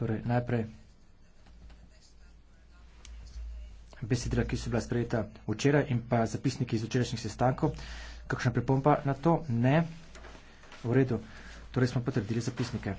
Torej, najprej besedila, ki so bila sprejeta včeraj in pa zapisniki iz včerajšnjih sestankov. Kakšna pripomba na to? Ne. V redu. Torej smo potrdili zapisnike.